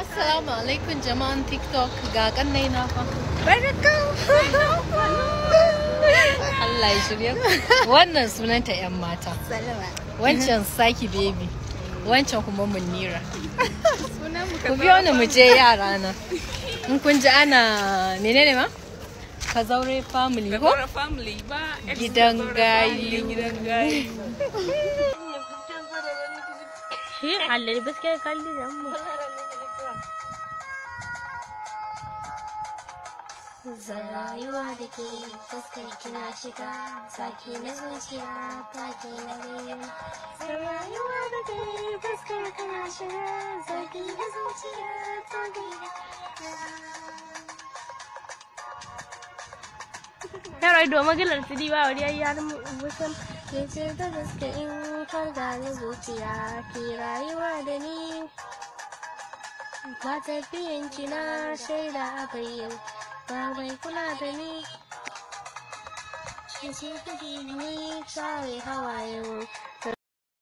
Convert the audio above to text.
Assalamu alaikum jama'an TikTok ga kannai na fa. Barkan. Allah ya shirya. Wannan sunanta 'yan mata. Wancan Saki Baby. Wancan kuma Munira. Ku biyo ni mu je yara na. In kun ji ana menene ma? Kazaure family ko? family ba. Gidan gayu. Gidan gayu. Shi Allah gaskiya kalli da mu. rayuwa da ke fuskar kina shiga sake na zuciya take na biyu rayuwa da ke fuskar kana shiga sake you zuciya take na Yarai domin gilar see ba wani yayi ke ce ta gaske in kar zuciya ke rayuwa da ni ba tafiyanki na shaida a bayyana ba bai kula da ni Yace kuke ne share hawaye